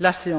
la